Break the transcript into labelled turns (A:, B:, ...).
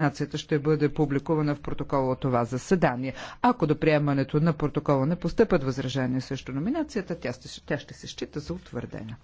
A: Информацията ще бъде публикувана в протокола от това заседание. Ако до приемането на протокола не постъпят възражения срещу номинацията, тя ще, тя ще се счита за утвърдена.